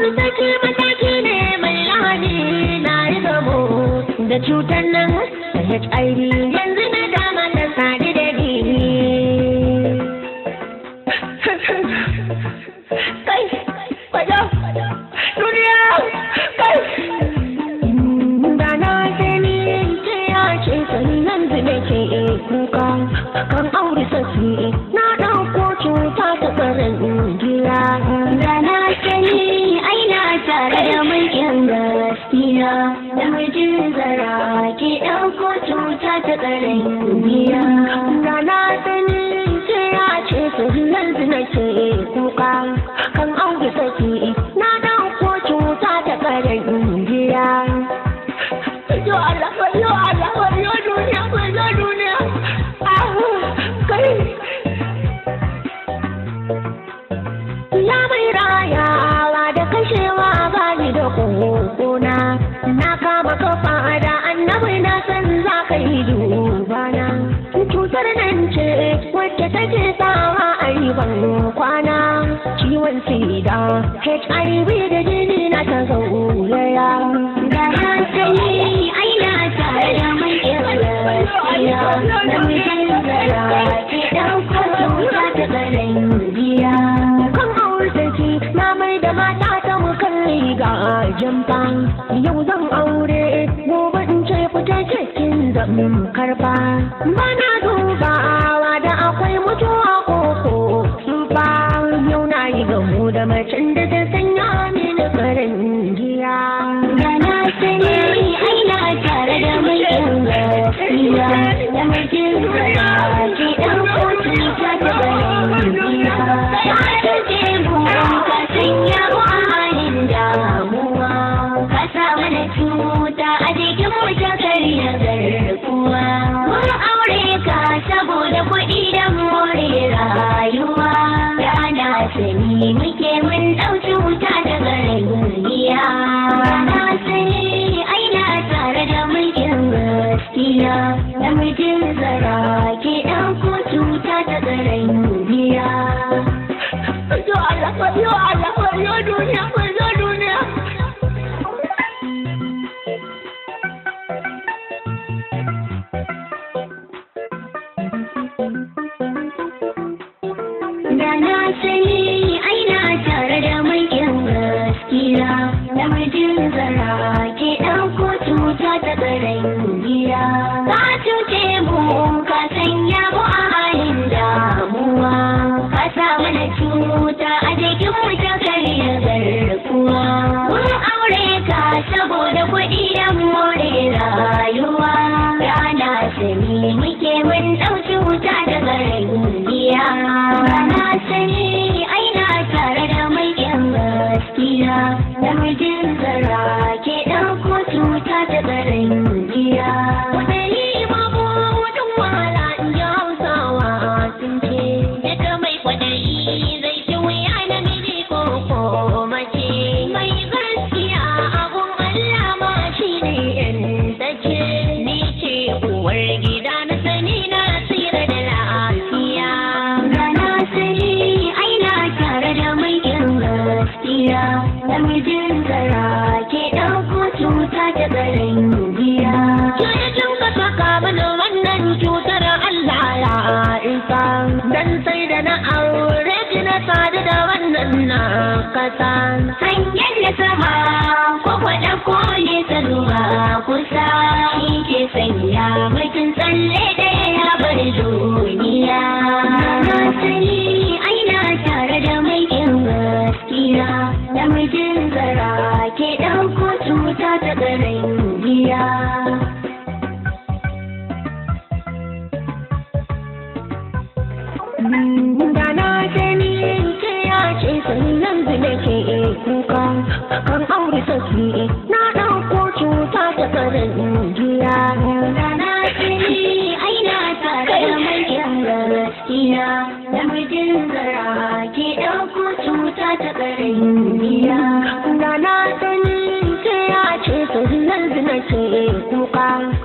mataki mataki ne mai lahani na yi gabo da cutar nan ta HIV yanzu na dama ta sadi da dini. Kai, kwajo, duniya, kai. Da na sani ta yace sannan zube ke kuka kan aure sassi zara ki ɗan kotu ta ta ƙarin biya. Rana ce ya ce sannan zina ce kuka. yi dubana cutar nan ce wadda take sawa a riban kwana ciwon sida hiv da jini na ta gauraya da na sani ai na tare da mai gaskiya da mutum gara ke daukar wuta ta garin biya kan aure na mai da mata ta mu kan riga yau zan aure gobe zaɓin karfa bana awa da akwai mutuwa koko ba yau na yi gamu da macen da ta sanya mini farin giya da na sani aina tare da mai yan gaskiya da mutum biya na mijin zara ke ɗan kotu ta ta tsarin Yo Allah yo Allah yo duniya sani aina tare da mai gaskiya na zara namijin zara ke ɗauko cuta ta garin giya. gaskiya namijin tsara ke ɗauko cuta ta garin biya. Cuyacin ka saka mana wannan cutar Allah ya isa. Dan sai da na aure ki na sadu da wannan na kasa. Hanyar da sama ko kwaɗa ko ne sanuwa kusa. Shi ke sanya mutum tsalle da ya bar duniya. Na sani mu gindara ke ɗauko cuta ta garin giya. Gana sani ke ya ce sannan da ke kuka kan aure sassi da mijin zara ke ɗauko cuta ta ƙarin biya. Na na sanin ce ya ce ta zinar zinar kuka.